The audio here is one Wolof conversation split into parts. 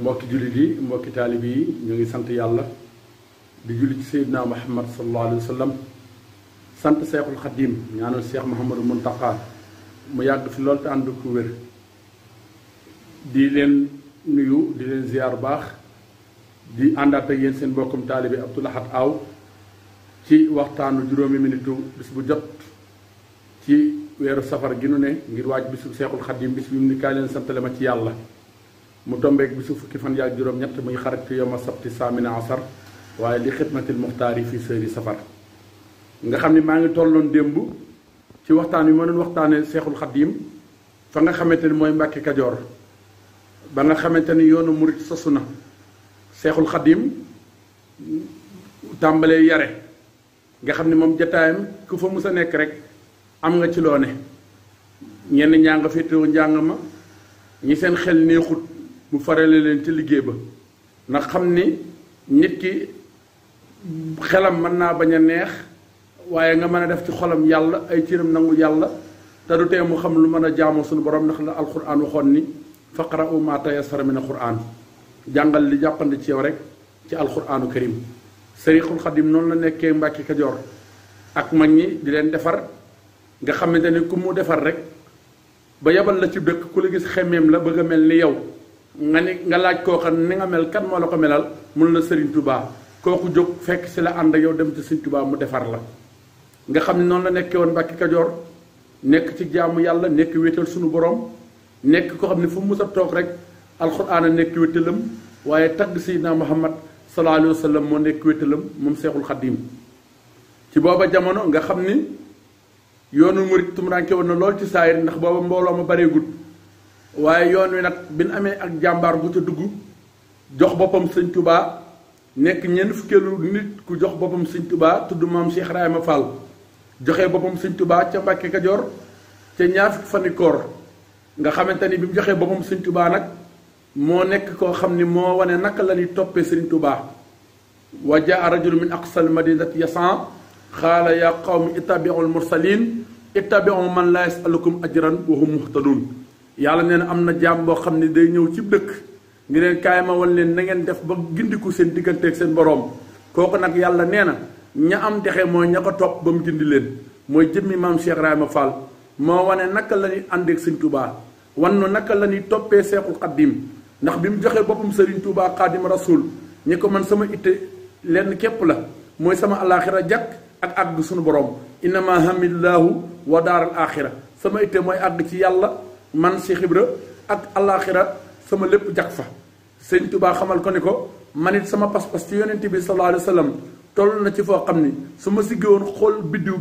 mbokki jullit yi mbokki taalib yi ñu ngi sant yàlla di julli ci Seydina Muhammad sallallahu alayhi wa sallam sant Seexul Xadim ñaanal Seex Muhammadu Muntaxa mu yàgg fi lool te ànd ku wér di leen nuyu di leen ziar baax di àndaat ak yéen seen mbokkum taalibi Abdou Lahad Aw ci waxtaanu juróomi minitu bis bu jot ci weeru safar gi nu ne ngir waaj bisu Seexul Xadim bis bi mu ni kaay leen santale ma ci yàlla mu tombeek bi su fukki fan yaak juróom-ñett muy xarajtu yowma sabti saamina asar waaye li xidmatil muxtaar yi fii sëri safar nga xam ni maa ngi tolloon démb ci waxtaan wi ma doon waxtaane seexul xadiim fa nga xamante ni mooy mbàkke kajoor ba nga xamante ni yoonu murit sosu na seexul xadiim tàmbalee yare nga xam ni moom jataayam ku fa mus a nekk rek am nga ci loo ne ñenn ñaa nga féetewoo njàng ma ñi seen xel neexut mu faree farale leen ci liggéey ba ndax xam ni nit ki xelam mën naa bañ a neex waaye nga mën a def ci xolam yàlla ay ciiram nangu yàlla te du tee mu xam lu mën a jaamoo suñu borom ndax la alquran waxoon ni faqra'u ma tayassara min alquran jàngal li jàppandi ci yow rek ci alquranu karim sëriqul xadim noonu la nekkee Mbàkke Kajoor ak mag ñi di leen defar nga xamante ni ku mu defar rek ba yabal la ci dëkk ku la gis xemeem la bëgg a mel ni yow nga ne nga laaj koo xam ni nga mel kan moo la ko melal mun la Serigne Touba kooku jóg fekk si la ànd ak yow dem ci Serigne tubaa mu defar la nga xam ne noonu la nekkee woon Mbàkke Kajoor nekk ci jaamu yàlla nekk wéetal sunu borom nekk ko xam ne fu mu musa toog rek alxuraan a nekk wéttalam waaye tagg Seydina Muhammad sallallahu alayhi wa sallam moo nekk wéttalam moom Seexul Xadiim ci booba jamono nga xam ni yoonu murit tumuraanke woon na lool ci saayir ndax booba mbooloo ma bareegut waaye yoon wi nag bi ñu amee ak jàmbaar bu ca dugg jox boppam sëñ tubaa nekk ñeent fukkeelu nit ku jox boppam sëñ Touba tudd si Cheikh ma Fall joxe boppam sëñ Touba ca Mbàkke Kajoor ca ñaar fukki fani nga xamante ni bi mu joxee boppam sëñ Touba nag moo nekk koo xam ni moo wane naka la toppee sëñ Touba wa jaa rajulu min aqsal madinati yasan xaala yaa qawmi ittabi'ul mursalin ittabi'u man laa yasalukum ajran wa hum muhtadun yàlla nee na am na jaam boo xam ne day ñëw ci dëkk ngi leen kaay ma leen na ngeen def ba gindiku seen digganteeg seen boroom kooku nag yàlla nee na ña am texe mooy ña ko topp ba mu gindi leen mooy jëmmi maam Cheikh ma Fall moo wane naka la ñuy àndeeg sëñ Touba wan nu naka la ñuy toppee Seexul Xaddim ndax bi mu joxee boppam Serigne Touba Xaadim Rasul ñu ko man sama itte lenn képp la mooy sama alaaxira jàkk ak àgg suñu borom innama hamidullahu wa daaral axira sama itte mooy àgg ci yàlla man Cheikh Ibra ak àllaaxira sama lépp jag fa seen Tuubaa xamal ko ni ko man it sama pas-pas ci yonent bi sallallahu alayhi wa sallam toll na ci foo xam ni su ma si géwoon xool biddiw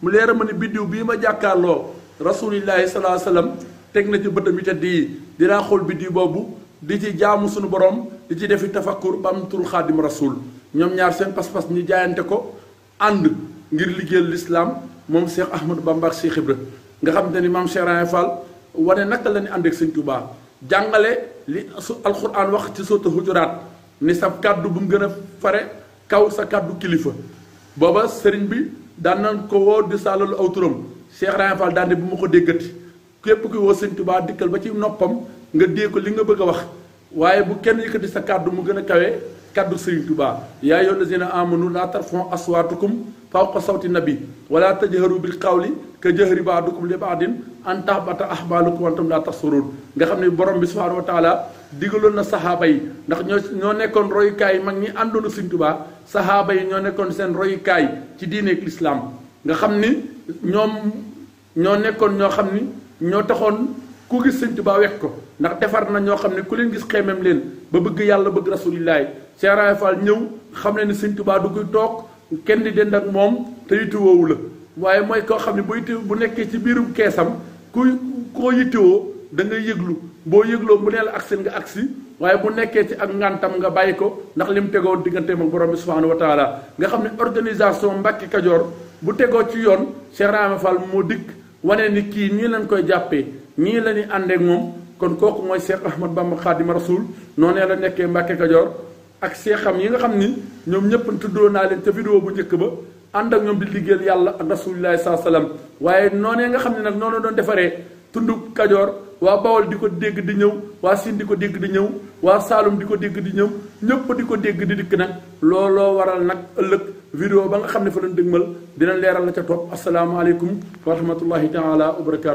mu leer ma ni biddiw bii ma jàkkaarloo rasulillahi sallallahu alayhi wa sallam teg na ci bëtam yi di yi dinaa xool biddiw boobu di ci jaamu suñu borom di ci defi tafakkur ba am tur xaadim rasuul ñoom ñaar seen pas-pas ñu jaayante ko ànd ngir liggéey lislaam moom Cheikh Ahmadou Bamba ak Cheikh Ibra nga xam te ni maam Cheikh Raye Fall wane naka la ñu ànd ak sëñ Touba jàngale li su alxuraan wax ci soota hujuraat ni sab kàddu bu mu gën a fare kaw sa kàddu kilifa booba sëriñ bi daan nañ ko woo di saalalu aw turam Cheikh Ibrahima Fall bu ma ko déggati képp ki woo sëñ tubaa dikkal ba ci noppam nga dee ko li nga bëgg a wax waaye bu kenn yëkkati sa kàddu mu gën a kawe kàddu sëriñ Touba yaa ayyuha llazina amanu laa tarfa'u aswaatakum fawqa sawti nabi wala tajharu bil qawli ka jahri ba'dikum li ba'din an tahbata ahbaalukum wa antum laa tash'uruun nga xam ne borom bi subhaanahu wa taala digaloon na saxaaba yi ndax ñoo ñoo nekkoon royukaay mag ñi àndoon Sëriñ Tuubaa saxaaba yi ñoo nekkoon seen royukaay ci diine diineeg lislaam nga xam ni ñoom ñoo nekkoon ñoo xam ni ñoo taxoon ku gis Sëriñ Tuubaa wekk ko ndax defar na ñoo xam ne ku leen gis xeemem leen ba bëgg yàlla bëgg rasulillahi Cheikh Fall ñëw xam ne ni Sëriñ du koy toog kenn di dend ak moom te yitu woowu la waaye mooy koo xam ne bu bu nekkee ci biirum keesam ku koo yittewoo da nga yëglu boo yëgloo mu deel agsi nga agsi waaye bu nekkee ci ak ngàntam nga bàyyi ko ndax li mu tegoo diggante moom borom bi subhaanahu wa taala nga xam ne organisation Mbàkke Kajoor bu tegoo ci yoon Cheikh Rahma Fall moo dikk wane ni kii ñii lañ koy jàppee ñii la ñuy àndeek moom kon kooku mooy Cheikh Ahmad Bamba Xaadimu Rasuul noonee la nekkee Mbàkke Kajoor ak seexam yi nga xam ni ñoom ñëpp tuddoo naa leen ca vidéo bu njëkk ba ànd ak ñoom di liggéeyal yàlla ak rasulillahi saa salaam waaye noonee nga xam ne nag noonu doon defaree tundu kajoor waa bawol di ko dégg di ñëw waa siin di ko dégg di ñëw waa saalum di ko dégg di ñëw ñëpp di ko dégg di dikk nag looloo waral nag ëllëg vidéo ba nga xam ne fa lañ dëgmal dina leeral la ca topp asalaamaaleykum wa rahmatullahi taala wa